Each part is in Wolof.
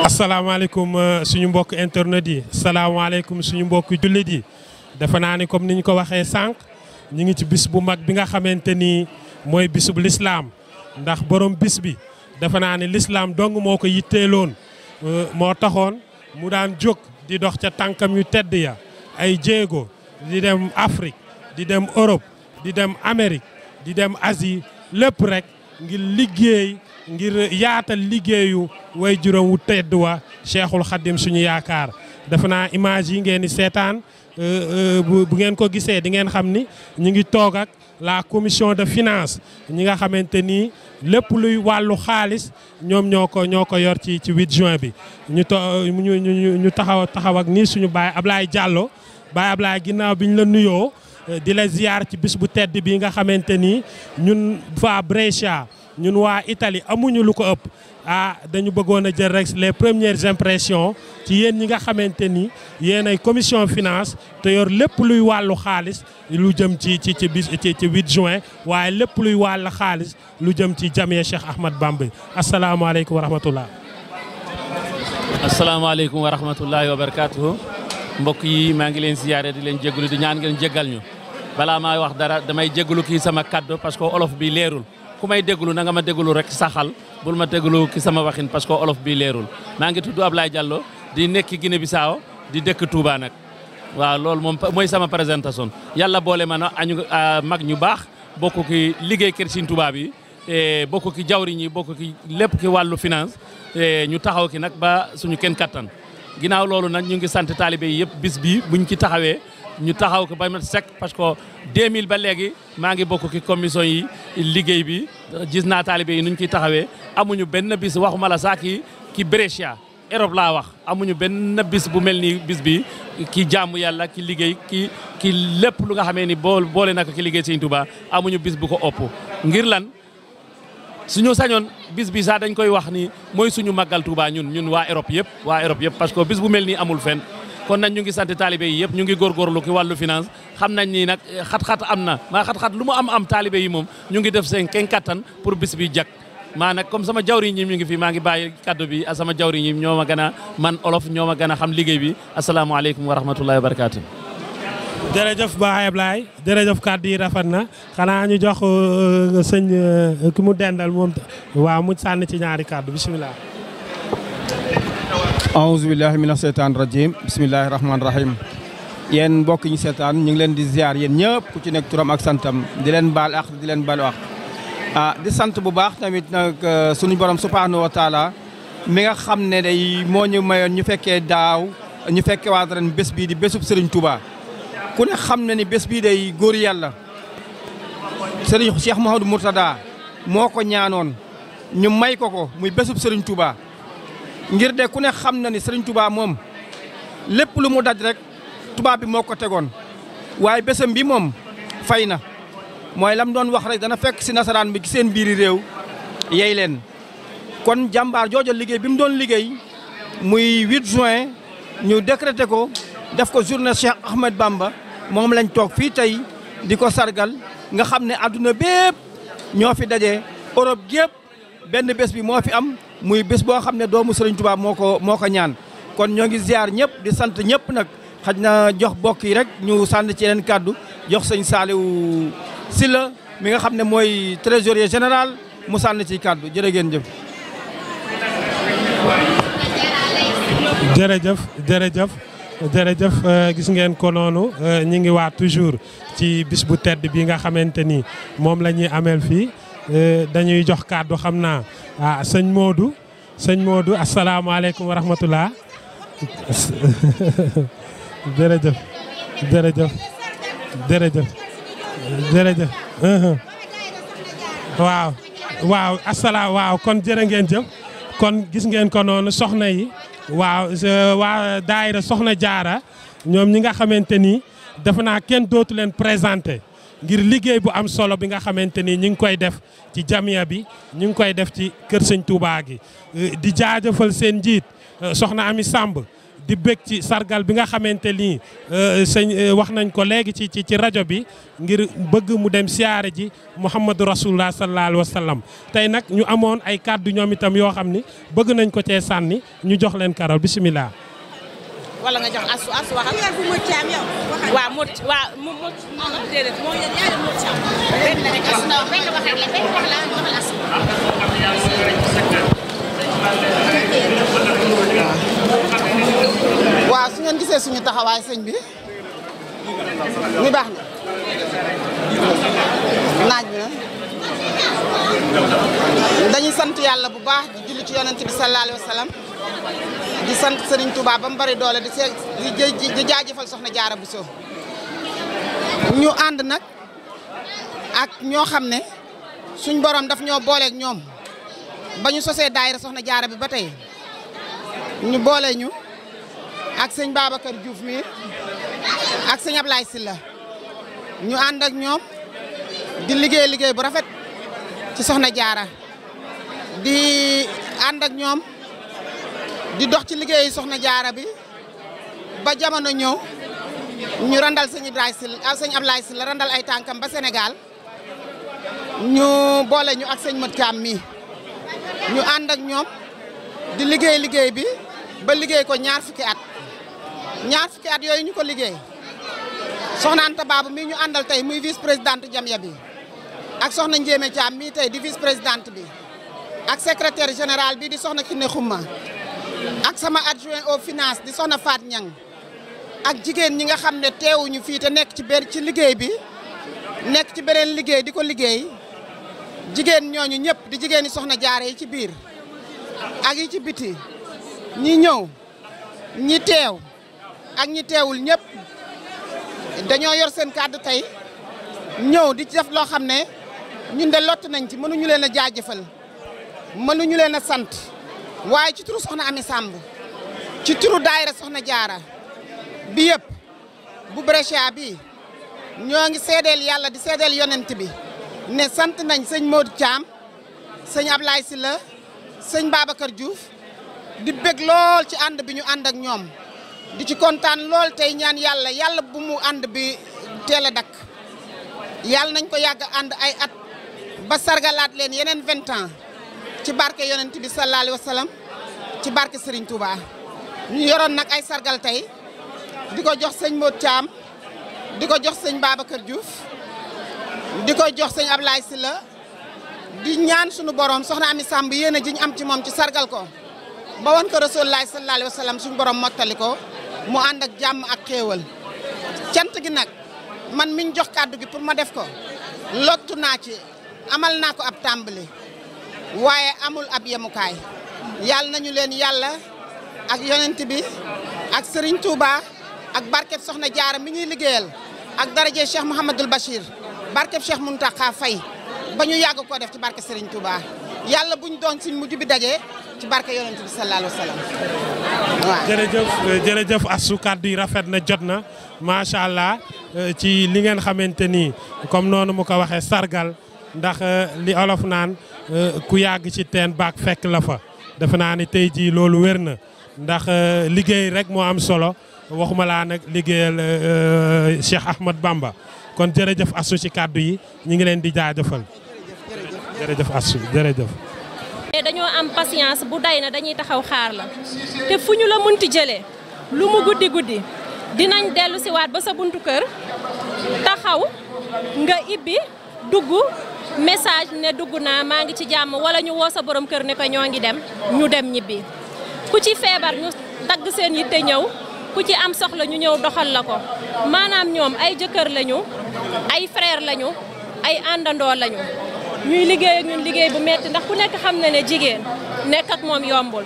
asalaamaaleykum euh, suñu mbokk internet yi salaamaaleykum suñu mbokk jullit yi dafa naa ni comme ni ñu ko waxee sànq ñu ngi ci bis bu mag bi nga xamante ni mooy bisub lislaam ndax borom bis bi dafa naa ni lislaam dong moo ko yitteeloon euh, moo taxoon mu daan jóg di dox ca tànkam yu tedd ya ay jéego di dem Afrique di dem Europe di dem Amérique di dem asi lépp rek ngir liggéey ngir yaatal liggéeyu way juróom wu tedd wa cheikhul xadim suñu yaakaar defe naa image yi ngeen di seetaan euh, euh, bu ngeen ko gisee di ngeen xam ni ñu ngi toog la commission de finance ñi nga xamante ni lépp luy wàllu xaalis ñoom ñoo ko ñoo ko yor ci ci 8 juin bi ñu to ñu ñu taxaw taxaw ak nii suñu baay Ablaye Diallo baay Ablaye ginnaaw bi ñu la nuyoo euh, di la ziyaar ci bis bu tedd bi nga xamante ni ñun waa Brescia ñun waa itali amuñu lu ko ëpp ah dañu bëggoon a jël rek les première impressions ci yéen ñi nga xamante ni yéen ay commission finance te yor lépp luy wàllu xaalis lu jëm ci ci ci bis ci ci 8 juin waaye lépp luy wàll xaalis lu jëm ci jamee Cheikh Ahmad Bamba asalaamaaleykum wa rahmatullah. asalaamaaleykum wa rahmatullahi wa barakaatuhu mbokk yi maa ngi leen siyaare di leen jégalu di ñaan ngeen jégal ñu balaa maa wax dara damay jégalu kii sama kaddu parce que olof bi leerul. ku may déglu na nga ma déglu rek saxal bul ma déglu ki sama waxin parce que olof bi leerul maa ngi tudd Ablaye Diallo di nekk Guinée Bissau di dëkk Touba nag waaw loolu moom mooy sama présentation yàlla boole ma na añu ah, mag ñu baax bokk ki liggéey kër Sëriñ Touba bi eh, bokk ki jawriñ yi bokk ki lépp ki wàllu finance eh, ñu taxaw ki nag ba suñu kenn kattan ginnaaw loolu nag ñu ngi sant taalibe yi yëpp bis bi buñ ci taxawee ñu taxaw ko ba mat sec parce que 2000 ba léegi maa ngi bokk ki commission yi liggéey bi gis naa taalibe yi nuñ ciy taxawee amuñu benn bis waxuma la sax ki ki Brescia Europe laa wax amuñu benn bis bu mel ni bis bi ki jaamu yàlla ki liggéey ki ki lépp lu nga xamee ni bool boole na ko ki liggéey Sëñ Tuubaa amuñu bis bu ko ëpp ngir lan suñu sañoon bis bi sax dañ koy wax ni mooy suñu màggal Tuubaa ñun ñun waa Europe yëpp waa Europe yëpp parce que bis bu mel nii amul fenn kon nag ñu ngi sant taalibe yi yëpp ñu ngi góorgóorlu ki wàllu finance xam nañ ni nag eh, xat-xat am na maa xat-xat lu mu am am taalibe yi moom ñu ngi def seen ken kattan pour bis bi jag maa nag comme sama jawri ñim ñu ngi fi maa ngi bàyyi kàddu bi a sama jawri ñim ñoo ma gën a man olof ñoom a gën a xam liggéey bi asalaamaaleykum wa rahmatullahi wa barakaatu jërëjëf Baay Ablaay jërëjëf kaddu yi rafet na xanaa ñu jox euh, sëñ euh, ki mu dendal moom waaw mu sànni ci ñaari kaddu bisimilah awuzu billahi mina seytaan rajim Bismillahirrahmanirrahim. Yen rahim yen mbokk ñu seetaan ñu ngi leen di ziar yen ñepp ku ci nek turam ak santam di leen bal ak di leen bal ak ah di sant bu baax tamit nak euh, suñu borom subhanahu wa taala mi nga xamne day moo ñu ñu fekke daaw ñu fekke wa ren bes bi di besub Serigne Touba ku ne xamne ni bes bi day goor yalla Serigne Cheikh Mouhamadou murtada moko ñaanon ñu may ko ko muy besub Serigne Touba ngir de ku ne xam na ni Serigne tubaab moom lépp lu mu daj rek tubaab bi moo ko tegoon waaye bésam bi moom fay na mooy lam doon wax rek dana fekk si nasaraan bi ci seen biiri réew yey leen kon jàmbaar jooja liggéey bi mu doon liggéey muy 8 juin ñu décrété ko def ko journée Cheikh Ahmed Bamba moom lañ toog fii tey di ko sargal nga xam ne àdduna bépp ñoo fi daje Europe gépp benn bés bi moo fi am muy bés boo xam ne doomu Serigne Touba moo ko moo ko ñaan kon ñoo ngi ziar ñëpp di sant ñëpp nag xaj na jox bokk yi rek ñu sànni ci yeneen kàddu jox sëñ si la mi nga xam ne mooy trésorier général mu sànni ci kàddu jërë ngeen jëf. jërëjëf jërëjëf jërëjëf euh, gis ngeen ko ñu euh, ngi waa toujours ci bis bu tedd bi nga xamante ni moom la ñuy ameel fii. Eh, dañuy jox kàddu xam naa ah sëñ Modou sëñ Modou asalaamaaleykum wa rahmatulah jërëjëf jërëjëf jërëjëf jërëjëf uh-huh. waaw waaw asalaam waaw kon jërë ngeen jëf kon gis ngeen ko noonu soxna yi waaw waa daayira soxna jaara ñoom ñi nga xamante ni defe naa kenn dootu leen présenté ngir liggéey bu am solo bi nga xamante ni ñu ngi koy def ci jamiya bi ñu ngi koy def ci kër sëñ Touba gi euh, di jaajëfal seen njiit euh, soxna Ami sàmb di bég ci sargal bi nga xamante ni euh, sëñ wax nañ ko léegi ci ci ci rajo bi ngir bëgg mu dem siyaare ji Muhammadu Rasulullah sallallahu alayhi wa sallam tey nag ñu amoon ay kàddu ñoom itam yoo xam ni bëgg nañ ko cee sànni ñu jox leen karal bisimilah. wala nga jox asu asu wax. nga bu mucc am yow. waaw mucc waaw mu mucc noonu ah, ah, déedéet moo yor ñaari mucc am. rek asu ndaw benn wax rek la wax la asu. su ngeen gisee suñu bi ñu baax na naaj bi dañuy sant yàlla bu baax di julli ci bi sallallahu alayhi wa sallam di sant Serigne Touba ba mu bari doole di see di jaajëfal soxna Jaara Bousso ñu ànd nag ak ñoo xam ne suñ borom daf ñoo booleek ñoom ba ñu sosee daayira soxna jaara bi ba tey ñu boole ñu ak sëñ Babacar Diouf mi ak sëñ Ablaye Sylla ñu ànd ak ñoom di liggéey liggéey bu rafet ci soxna jaara di ànd ak ñoom di dox ci liggéey soxna jaara bi ba jamono ñëw ñu randal sëñ Ibrahima si la ah, randal ay tànkam ba Sénégal ñu boole ñu ak sëñ Mat Caam mii ñu ànd ak ñoom di liggéey liggéey bi ba liggéey ko ñaar fukki at ñaar fukki at yooyu ñu ko liggéey soxna Anta Baabu mii ñu àndal tey muy vice présidente jamiya bi ak soxna Njéeme Caam mii tey di vice présidente bi ak secrétaire général bi di soxna Kiné Xuma ak sama adjoint aux finance di Soxna Faat Ñang ak jigéen ñi nga xam ne teewuñu fii nekk ci benn ci liggéey bi nekk ci beneen liggéey di ko liggéey jigéen ñooñu ñëpp di jigéen ñi soxna jaare yi ci biir ak yi ci biti ñi ñëw ñi teew ak ñi teewul ñëpp dañoo yor seen kàddu tey ñëw di def loo xam ne ñun de lott nañ ci mënuñu leen a jaajëfal mënuñu leen a sant waaye ci turu soxna Ami Samb ci turu daayira soxna jaara bi yëpp bu Brescia bi ñoo ngi seedeel yàlla di seedeel yonent bi ne sant nañ sëñ Modou Thiam sëñ Ablaye Sylla sëñ Babacar Diouf di bég lool ci ànd bi ñu ànd ak ñoom di ci kontaan lool tey ñaan yàlla yàlla bu mu ànd bi teel a dakk yàlla nañ ko yàgg ànd ay at ba sargalaat leen yeneen vingt ci barke yonent bi sallallahu alayhi ci barke Serigne Touba ñu yoroon nag ay sargal tey di ko jox sëñ Modou Thiam di ko jox sëñ Babacar juuf di ko jox sëñ Ablaye Sylla di ñaan suñu borom soxna Ami Samb yéen a ji am ci moom ci sargal ko ba woon ko Rasulullah sallallahu alayhi wa sallam suñu borom mottali ko mu ànd ak jàmm ak xéewal cant gi nag man miñ jox kàddu gi pour ma def ko lottu naa ci amal naa ko ab tàmbali. waaye amul ab yemukaay yàlla nañu leen yàlla ak yonent bi ak Serigne Touba ak barkeb Soxna Jaara bi ñuy liggéeyal ak daraje Cheikh Mouhamadul Bachir barkeb Cheikh Mountakha Faye ba ñu yàgg koo def ci barke Serigne Touba yàlla buñ doon si mujj bi daje ci barke yonent bi sallallahu wa sallam waaw. jërëjëf jërëjëf Astou kàddu yi rafet na jot na macha allah euh, ci li ngeen xamante ni comme noonu mu ko waxee sargal ndax euh, li olof naan. Euh, ku yàgg ci teen baak fekk la fa defe naa ni tey jii loolu wér na ndax euh, liggéey rek moo am solo waxuma laa nag liggéeyal euh, Cheikh Ahmad Bamba kon jërëjëf asu ci kàddu yi ñu ngi leen di jaajëfal jërëjëf asu eh, dañoo am patience bu day na dañuy taxaw xaar la te fu ñu la munti jëlee lu mu guddi guddi dinañ dellu siwaat ba sa buntu kër taxaw nga ibbi dugg message ne dugg naa maa ngi ci jàmm wala ñu woo sa borom kër ne ko ñoo ngi dem ñu dem ñibbi ku ci feebar ñu dagg seen yitte ñëw ku ci am soxla ñu ñëw doxal la ko maanaam ñoom ay jëkkër lañu ay frère lañu ay àndandoo lañu ñuy liggéey ak ñun liggéey bu metti ndax ku nekk xam na ne jigéen nekk ak moom yombul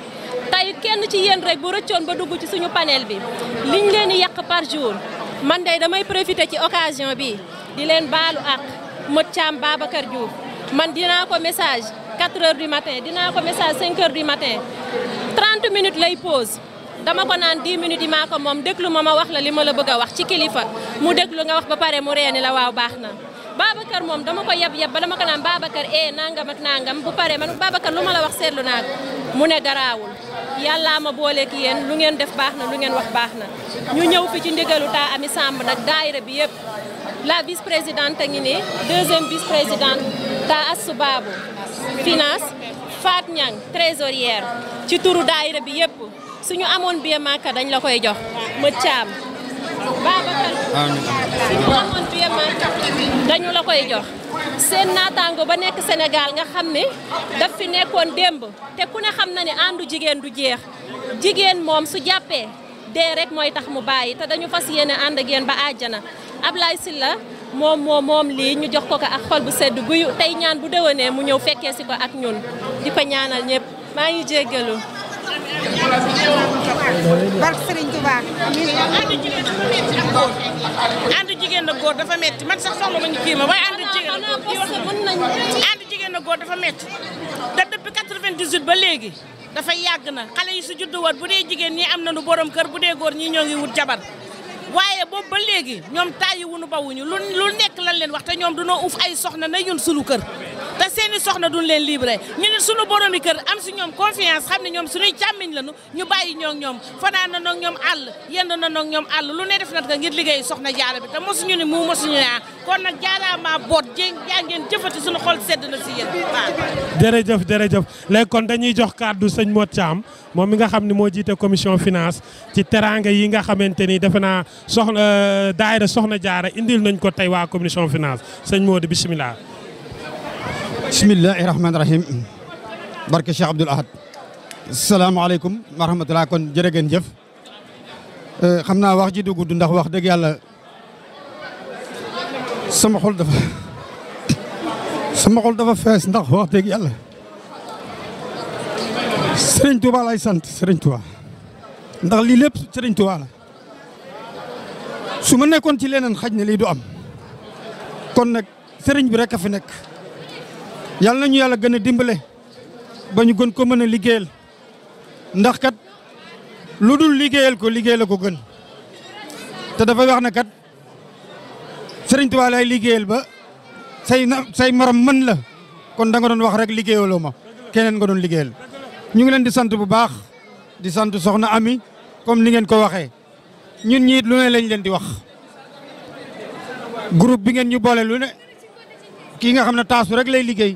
tey kenn ci yéen rek bu rëccoon ba dugg ci suñu panel bi liñ leen di yàq par man de damay profiter ci occasion bi di leen baalu àq Modou Thiam Babacar Diouf man dinaa ko message 4 heures du matin dinaa ko message 5 heures du matin 30 minutes lay pause dama ko naan di minutes yi maa ko moom déglu ma ma wax la li ma la bëgg a wax ci kilifa mu déglu nga wax ba pare mu reeni la waaw baax na. Babacar moom dama ko yab yab ba dama ko naan Babacar eh nangam ak nangam bu pare man Babacar lu ma la wax seetlu naa ko mu ne garaawul. yàllaa ma booleeg yéen lu ngeen def baax na lu ngeen wax baax na ñu ñëw fi ci ndigalu taa ami Samb nag daayira bi yëpp la vice président a ngi nii deuxième vice présidente taa Assou Babou finance Fat Niang trésorière ci turu dayre bi yëpp suñu amoon billet Makka dañ la koy jox ma caam Babacar suñu amoon billet Makka dañu la koy jox sen natango ba nek senegal nga xamne daf fi nekkon demb te ku ne xamna ni andu jigen du jeex jigen mom su jappe de rek moy tax mu bayyi te dañu fasiyene and ak yeen ba aljana ablay silla mom mom mom li ñu jox ko ko ak xol bu sedd guyu tay ñaan bu déwénee mu ñew fekke si ko ak ñun di ñaanal ñëpp ma ngi jéggalu barke Serigne Touba jigéen ak góor dafa metti man sax soxla ma ñu ma jigéen ak góor dafa metti te depuis 98 ba léegi dafa yàgg na xale yi su juddu woon bu dee jigéen ñi am na nañu borom kër bu dee góor ñi ñoo ngi wut jabar waaye boobu ba léegi ñoom tàyyi wuñu bawuñu lu lu nekk lan leen wax te ñoom dunoo uf ay soxna na ñun sunu kër te seeni soxna duñ leen libéré ñu ne suñu boromi kër am si ñoom confiance xam ne ñoom suñuy càmmiñ lañu ñu bàyyi ñoo ñoom fanaan noog ñoom àll yend na noog ñoom àll lu ne def na soxna jaara bi kon boot jéeg jaa ngeen jëfati suñu xol sedd na si yéen waaw jërëjëf jërëjëf léegi kon dañuy jox kàddu sëñ Modou Thiam moom mi nga xam ni moo jiite commission finance ci teraanga yi nga xamante ni defe naa soxna euh, daayira soxna jaara indil nañ ko tey waa commission finance sëñ Modou bisimilah بسم الله الرحمن الرحيم بركة شيخ عبد الأحد السلام عليكم ورحمة الله كون جيرغن جيف خمنا واخ جي دوغ دوندخ واخ دغ يالا سما خول دافا سما خول دافا فاس ندخ واخ دغ يالا سيرن توبا لاي سانت سيرن توبا ندخ لي ليب سيرن توبا لا سوما نيكون تي لينن خاجنا لي دو ام كون نك سيرن بي رك فا نك yàlla nañu yàlla gën a dimbale ba ñu gën ko mën a liggéeyal ndax kat lu dul liggéeyal ko liggéey la ko gën te dafa wax ne kat sëriñ Tuubaa lay liggéeyal ba say na say morom mën la kon danga doon wax rek liggéeyaloo ma keneen nga doon liggéeyal ñu ngi leen di sant bu baax di sant soxna Ami comme ni ngeen ko waxee ñun ñiit lu ne lañ leen di wax groupe bi ngeen ñu boole lu ne kii nga xam ne taasu rek lay liggéey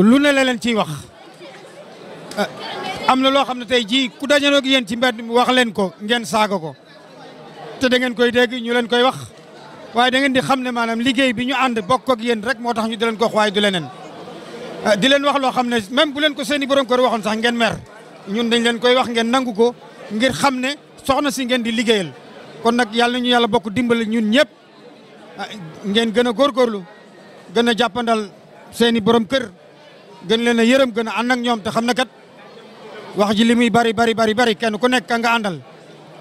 lu ne la len ci wax ah, amna lo xamne tay ji ku dajanoo ak yeen ci mbedd wax len ko ngeen saga ko te da ngeen koy deg ñu len koy wax way da ngeen di xamne manam liggey bi ñu and bokk ak yeen rek motax ñu di len ko wax waaye du lenen ah, di len wax lo xamne même bu len ko seeni borom ko waxon sax ngeen mer ñun dañ len koy wax ngeen nangu ko ngir xamne soxna si ngeen di liggeyal kon nak yalla ñu yalla bokk dimbal ñun ñepp ah, ngeen gëna gor gorlu gëna jappandal seeni borom kër gën leen a yërëm gën a ànd ak ñoom te xam na kat wax ji li muy bari bari bari bari kenn ku nekk ka nga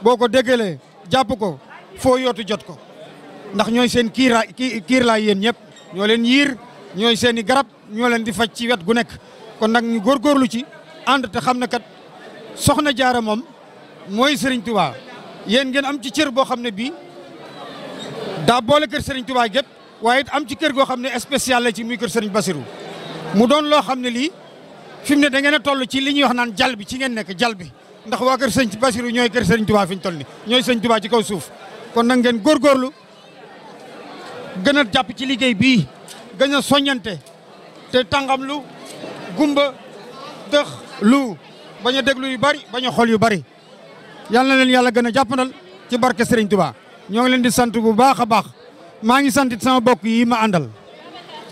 boo ko déggalee jàpp ko foo yootu jot ko ndax ñooy seen kiira kiir laa yéen ñëpp ñoo leen yiir ñooy seen i garab ñoo leen di faj ci wet gu nekk kon nag ñu góor góorlu ci ànd te xam na kat soxna jaara moom mooy Serigne Touba yéen ngeen am ci cër boo xam ne bii daa boole kër Serigne Touba gépp waaye it am ci kër goo xam ne spécial la ci muy kër Serigne Bassirou mu doon loo xam ne lii fi mu ne da ngeen a toll ci li ñuy wax naan jal bi ci ngeen nekk jal bi ndax waa kër sëñ Basiru ñooy kër sëñ Tuubaa fi ñu toll ni ñooy sëñ Tuubaa ci kaw suuf kon nag ngeen góorgóorlu gën a jàpp ci liggéey bii gën a soññante te tàngam lu gumba dëx lu bañ a déglu yu bari bañ a xool yu bari yal na leen yàlla gën a jàppandal ci barke Serigne Touba ñoo ngi leen di sant bu baax a baax maa ngi sant sama bokk yi ma àndal.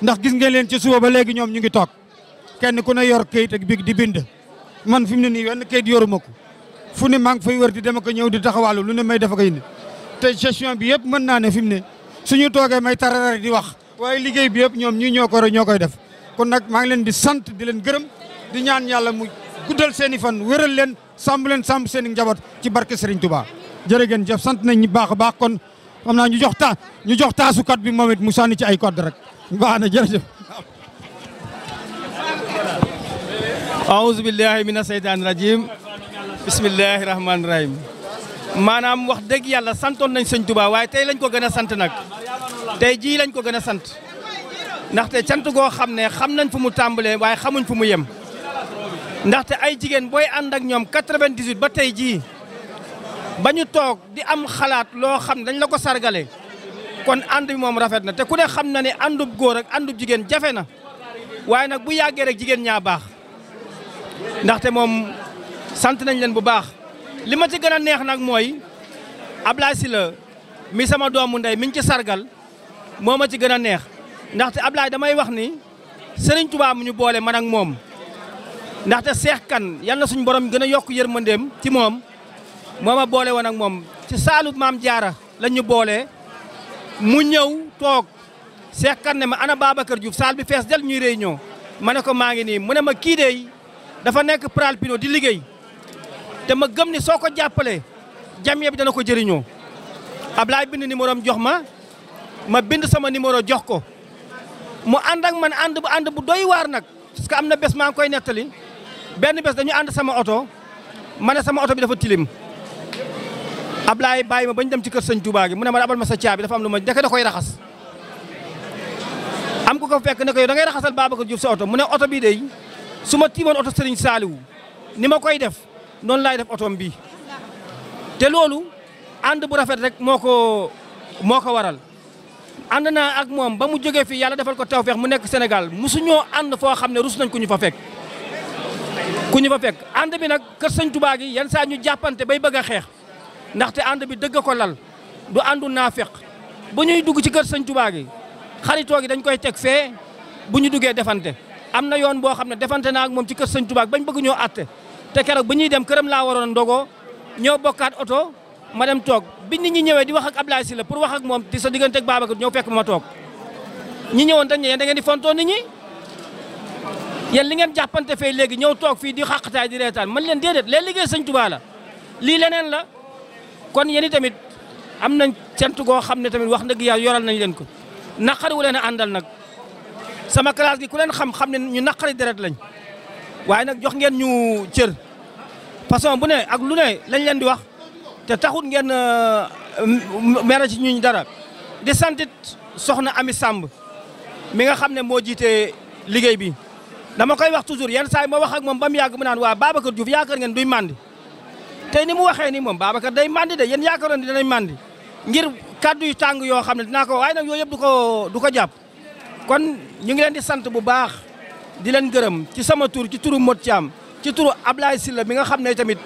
ndax gis ngeen len ci suba ba legi ñom ñu ngi tok kenn ku ne yor kayit ak big di bind man fim ne ni yenn kayit yorumako fu ne mang fay wër di dem ko ñew di taxawalu lu ne may dafa koy indi te gestion bi yëpp man na ne fim ne suñu toge may tararar di wax way liggey bi yëpp ñom ñi ñoko ro ñokoy def kon nak mang di sant di leen gërem di ñaan yalla mu guddal seeni fan wëral leen sàmm leen sàmm seen njabot ci barke Serigne Touba jërë ngeen jëf sant nañ ñu baax baax kon amna ñu jox ta ñu jox taasukat bi moom mu sànni ci ay code rek baax na jërëjëf aousubillahi mina seytaani rajim bismillahi rahmaani rahim maanaam wax dëgg yàlla santoon nañ sëñ Tuubaa waaye tey lañ ko gën a sant nag tey jii lañ ko gën a sant ndaxte cant goo xam ne xam nañ fu mu tàmbalee waaye xamuñ fu mu yem ndaxte ay jigéen booy ànd ak ñoom 98 ba tey jii bañu toog di am xalaat loo xam dañ la ko sargale kon ànd bi moom rafet na te ku ne xam na ne àndub góor ak àndub jigéen jafe na waaye nag bu yàggee rek jigéen ñaa baax ndaxte moom sant nañ leen bu baax li ma ci gën a neex nag mooy si Sylla mi sama doomu ndey mi ngi ci sargal moo ma ci gën a neex ndaxte Ablaye damay wax ni Serigne tubaam mu ñu boole man ak moom ndaxte Seex Kan yal na suñu borom gën a yokk yërmandeem ci moom moo ma boole woon ak moom ci saalu maam jaara lañ ñu boole. mu ñëw toog seqan ne ma ana kër Diouf saal bi fees del ñuy réunion ma ne ko maa ngi nii mu ne ma kii de dafa nekk Pralpino di liggéey te ma gëm ni soo ko jàppalee jamiya bi dana ko jëriñoo Ablaye bind numéro am jox ma ma bind sama numéro jox ko mu ànd ak man ànd bu ànd bu doy waar nag parce que am na bés maa ngi koy nettali benn bés dañu ànd sama oto man ne sama oto bi dafa tilim. Ablaye bàyyi ma bañ dem ci keur seigne Touba gi mune ma abal ma sa caabi dafa am lu ma nekk da koy raxas am ko ko fekk ne ko yow da ngay raxasal Babacar Diouf sa auto mune auto bi de suma su auto seigne salihu nima koy def non lay def auto bii te lolou ànd bu rafet rek moko moko waral. ànd naa ak mom ba mu joge fi yàlla defal ko tawfiq mu nek Sénégal musu ñoo ànd fo xamne rus nañ ko ñu fa fek ku ñu fa fek ànd bi nak keur seigne Touba gi yeen sa ñu jàppante bay bëgg xex ndaxte ànd bi dëgg ko lal du àndu naafeq ba ñuy dugg ci kër sëñ Tuubaa gi xaritoo gi dañ koy teg fee bu ñu duggee defante am na yoon boo xam ne defante naa ak moom ci kër sëñ Tuubaa bañ bëgg ñoo àtte te keroog bu ñuy dem këram laa waroon ndogoo ñoo bokkaat oto ma dem toog bi nit ñi ñëwee di wax ak Ablaye la pour wax ak moom ti sa diggante ak Babacar ñëw fekk ma toog ñi ñëwoon dañ ne da ngeen di fontoo nit ñi yéen li ngeen jàppante fee léegi ñëw toog fii di xàqtaay di reetaan man leen déedéet leen liggéey sëñ Tuubaa lii leneen la kon yéen tamit am nañ cant goo xam ne tamit wax dëgg yàlla yoral nañ leen ko naqari wu leen a àndal nag sama classe gi ku leen xam xam ne ñu naqari deret lañ waaye nag jox ngeen ñu cër façon bu ne ak lu ne lañ leen di wax te taxut ngeen euh, mere ci ñuñ dara di santit soxna Ami Samb mi nga xam ne moo jiite liggéey bi dama koy wax toujours yenn saa yi ma wax ak moom ba mu yàgg mu naan waa Babacar Diouf yaakaar ngeen duy màndi tey ni mu waxee ni moom Babacar day mandi de yéen yaakaaroon ni danañ mandi ngir kaddu yu tàng yoo xam ne dinaa ko waaye nag yooyu yëpp du ko du ko jàpp kon ñu ngi leen di sant bu baax di leen gërëm ci sama tur ci turu Modou Thiam ci turu Ablaye Sylla mi nga xam ne tamit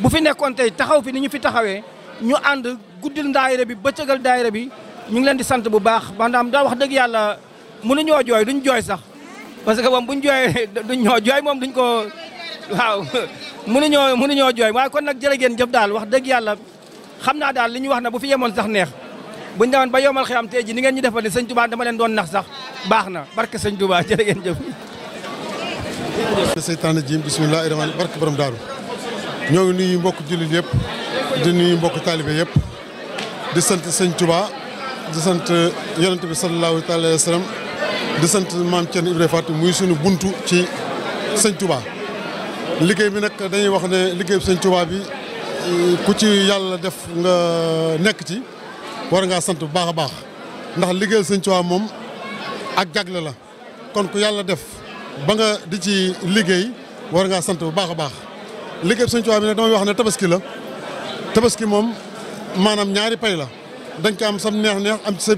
bu fi nekkoon tey taxaw fi ni ñu fi taxawee ñu ànd guddil daayira bi bëccëgal daayira bi ñu ngi leen di sant bu baax maanaam daa wax dëgg yàlla nu mënuñoo jooy ñu jooy sax parce que moom bu ñu duñ ñoo jooy moom duñ ko waaw mënuñoo mënuñoo jooy waaye kon nag jërë ngeen jëf daal wax dëgg yàlla xam naa daal li ñu wax na bu fi yemoon sax neex bu buñ demoon ba yomal xiyam tey ji ni ngeen ñi defal ni sëñ Touba dama leen doon nax sax baax na barke sëñ Touba jërë ngeen jëf seytaane jiim bismillaahi rahmaani barke borom daaru ñoo ngi nuyu mbokk jullit yëpp di nuyu mbokk taalibe yëpp di sant sëñ Touba di sant yonent bi sallallahu taala wa di sant maam Thierno muy sunu buntu ci sëñ Touba liggéey bi nag dañuy wax ne liggéey bi sëñ Tuubaa bi ku ci yàlla def nga nekk ci war ngaa sant bu baax a baax ndax liggéeyal sëñ Tuubaa moom ak jagle la kon yàlla def ba nga di ci liggéey war ngaa sant bu baax a baax liggéey bi sëñ Tuubaa bi nag damay wax ne tabaski la tabaski moom maanaam ñaari pay la dañ ko am sam neex-neex am ci sa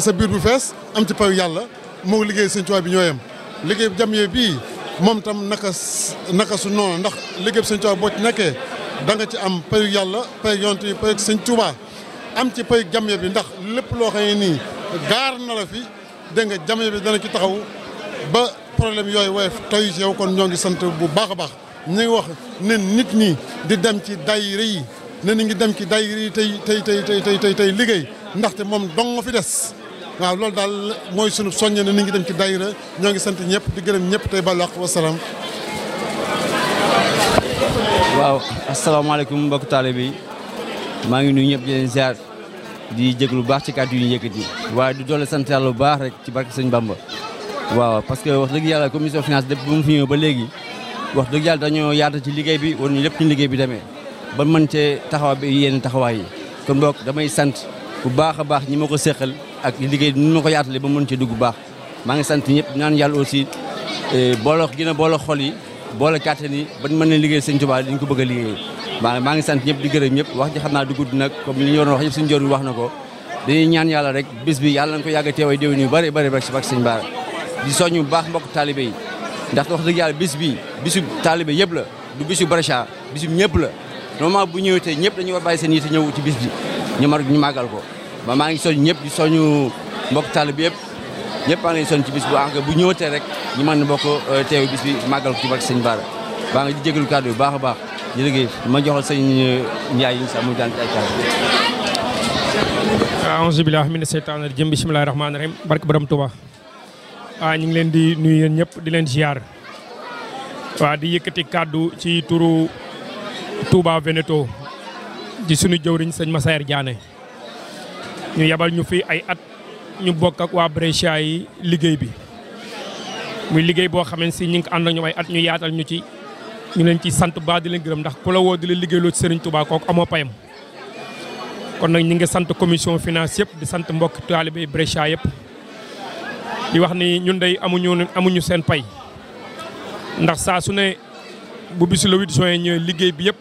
sa biir bu fees am ci payu yàlla moo liggéey sëñ Tuubaa bi ñooyam liggéey bi jam yee bii moom tam naka naka su noonu ndax liggéey sëñ Tuubaa boo ci nekkee da nga ci am payu yàlla payu yonent yi payu sëñ Tuubaa am ci payu jàmme bi ndax lépp loo xam ne nii gaar na la fi dégg nga jàmme bi dana ci taxaw ba problème yooyu waaye toy ci yow kon ñoo ngi sant bu baax a baax ñu ngi wax ne nit ñi di dem ci day yi ne ni ngi dem ci day yi tey tey tey tey tey tey liggéey ndaxte moom dong fi des waaw loolu daal mooy sunu soññe na nit ngi dem ci daayira ñoo ngi sant ñëpp di gërëm ñëpp tey bàllu àq wasalaam. waaw asalaamaaleykum mbokk taalibe bi maa ngi nuyu ñëpp di leen ziar di jéglu lu baax ci kàddu yi ñu yëkkati waaye di doole sant yàlla bu baax rek ci barke sëñ Bamba. waaw parce que wax dëgg yàlla commission finance depuis bu mu fi ba léegi wax dëgg yàlla dañoo yaata ci liggéey bi woon lépp ñu liggéey bi demee ba man cee taxawaay bi yenn taxawaay yi kon boog damay sant bu baax a baax ñi ma ko ak liggéey nu ma ko yaatalee ba mën ci dugg baax maa ngi sant ñëpp ñaan yàlla aussi eh, booloo gën a booloo xol yi booloo kàttan yi ba mën na liggéey sëñ Tuubaa dañ ko bëgg a liggéey maa maa ngi sant ñëpp di gërëm ñëpp wax ji xam naa dugg nag comme li ñu waroon wax yëpp suñu jor na ko dañuy ñaan yàlla rek bis bi yàlla nañ ko yàgg a teewee déwén yu bëri bëri rek si bak sëñ Baara bu baax mbokk taalibé yi ndax wax dëgg yàlla bis bi bisu taalibé yëpp la du bisu Brescia bisu ñëpp la normalement bu ñëwee tey ñëpp dañu war bàyyi seen yitte ñëw ci bis bi ñu mar ñu màggal ko ma maa ngi soñ ñëpp di soñu mbokk tàll bi yëpp ñëpp maa ngi lay soñ ci bis bu ànk bu rek ñu mën ni bokk euh, teew bis bi màggal ko ci barke sëñ Bara baa ngi di jégalu kàddu yu baax a baax jërëjëf ma joxal sëñ euh, Ndiaye yi sax mu daan ay kàddu aouzu billahi mina seytaani rajim bismillahi rahmaani rahim barke ñu ngi leen di nuyu yéen ñëpp di leen ziar waaw di yëkkati kàddu ci turu Touba Veneto di sunu jëwriñ sëñ Massaer Diané ñu yebal ñu fi ay at ñu bokk ak waa Brescia yi liggéey bi muy liggéey boo xam ne si ñu ngi ànd ak ay at ñu yaatal ñu ci ñu leen ci sant baa di leen gërëm ndax ku la woo di leen liggéeyloo ci Serigne Touba amoo payam. kon nag ñu ngi sant commission finance yëpp di sant mbokk taalibe Brescia yëpp di wax ni ñun day amuñu amuñu seen pay ndax saa su ne bu bisu le huit juin ñëwee liggéey bi yëpp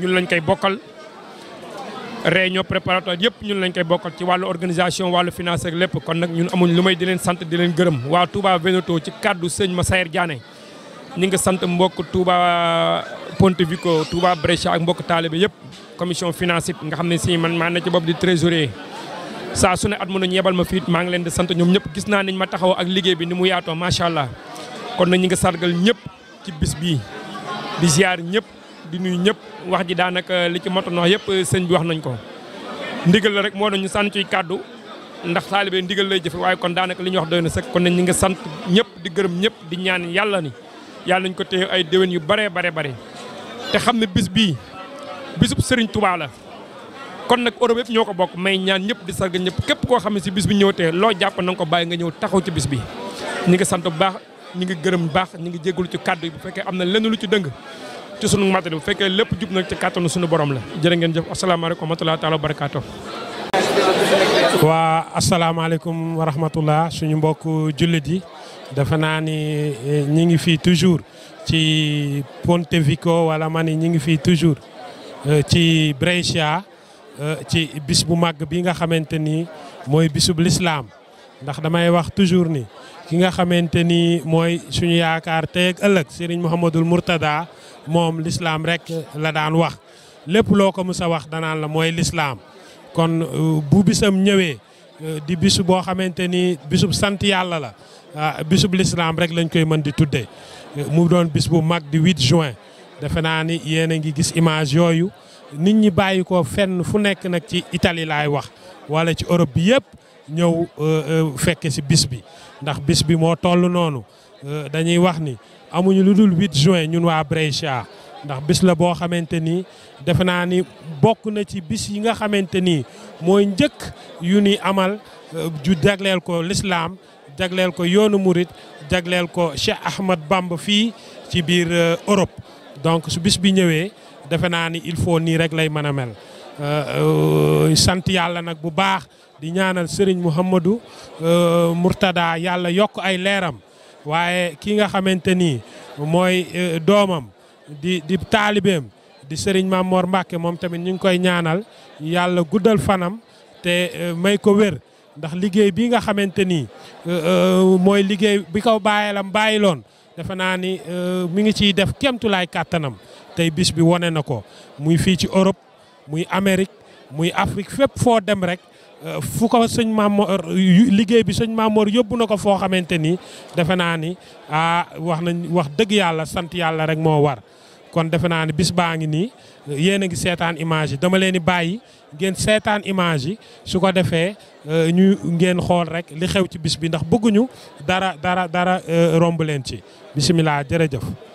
ñun lañ koy bokkal. réunion préparatoire yëpp ñun lañ koy bokkal ci wàllu organisation wàllu finance lépp kon nag ñun amuñ lu may di leen sant di leen gërëm waa Touba Veneto ci kàddu sëñ Massaer Diané ñi nga sant mbokk Touba Pontevico Touba Brescia ak mbokk taalibe yëpp commission finance it nga xam ne si man maa na ci bopp di trésorier saa su ne at mënuñ yebal ma fiit maa ngi leen di sant ñoom ñëpp gis naa niñ ma taxaw ak liggéey bi ni mu yaatoo macha allah kon nag ñi nga sargal ñëpp ci bis bii di ñëpp di nuyu ñëpp wax ji daanaka li ci motoon wax yëpp sëñ bi wax nañ ko. ndigal la rek moo doon ñu sànni kàddu ndax taalibe ndigal lay jëfe waaye kon daanaka li ñu wax doy na sëkk kon nañ ñu ngi sant ñëpp di gërëm ñëpp di ñaan yàlla ni yàlla nañ ko téye ay déwén yu bare bare bare te xam ne bis bii bisub sëriñ Touba la kon nag Europe yëpp ñoo ko bokk may ñaan ñëpp di sarga ñëpp képp koo xam ne si bis bi ñëw tee loo jàpp na ko bàyyi nga ñëw taxaw ci bis bi ñi ngi sant bu baax ñi ngi gërëm bu baax ñi ngi jégalu ci kàddu yi bu fekkee am na lenn lu ci dëng ci sunu matal bu fekke lepp djub nak ci katanu sunu borom la jere ngeen assalamu alaykum wa rahmatulah taala wa barakaatu. waa asalaamaaleykum wa rahmatulah suñu mbokk jullit dafa naa eh, ñi ngi fi toujours ci vico wala mani ñi ngi fi toujours eh, ci Brescia eh, ci bis bu mag bi nga xamanteni moy bisub l'islam ndax damay wax toujours ni ki nga xamanteni moy suñu yaakar teek Serigne mohammedul murtada moom lislaam rek la daan wax lépp loo ko mës a wax danaan la mooy lislaam kon euh, bu bisam ñëwee euh, di bisu boo xamante ni bisub sant yàlla la ah, bisub lislaam rek lañ koy mën di tuddee euh, mu doon bis bu mag di 8 juin defe naa ni yéen a ngi gis image yooyu nit ñi bàyyi ko fenn fu nekk nag ci Italie laay wax wala ci Europe bi yëpp ñëw fekke si bis bi ndax bis bi moo toll noonu dañuy wax ni amuñu lu dul 8 juin ñun waa Brescia ndax bis la boo xamante ni defe naa ni bokk na ci bis yi nga xamante ni mooy njëkk yu ni amal euh, ju jagleel ko lislaam jagleel ko yoonu murit jagleel ko Cheikh Ahmad Bamba fii ci biir euh, Europe donc su bis bi ñëwee defe naa ni il faut nii rek lay mën a mel euh, sant yàlla nag bu baax di ñaanal Serigne Mouhamadou Mourtada yàlla yokk ay leeram waaye ki nga xamante ni mooy euh, doomam di di taalibeem di Serigne Mamor Mbacke moom tamit ñu ngi koy ñaanal yàlla guddal fanam te euh, may ko wér ndax liggéey bi nga xamante ni euh, mooy liggéey bi ko bàyyeelam bàyyiloon defe naa ni mu ngi ciy def kemtulaay kàttanam tey bis bi wane na ko muy fii ci Europe muy Amérique muy Afrique fépp foo dem rek. Euh, fu ko sëñ Mamor euh, liggéey bi sëñ Mamor yóbbu na ko foo xamante ni defe naa ni ah wax nañ wax dëgg yàlla sant yàlla rek moo war kon defe naa ni bis baa ngi nii yéen a ngi seetaan image yi dama leen di bàyyi ngeen seetaan image yi su ko defee euh, ñu ngeen xool rek li xew ci bis bi ndax bëgguñu dara dara dara romb leen ci bisimilah jërëjëf.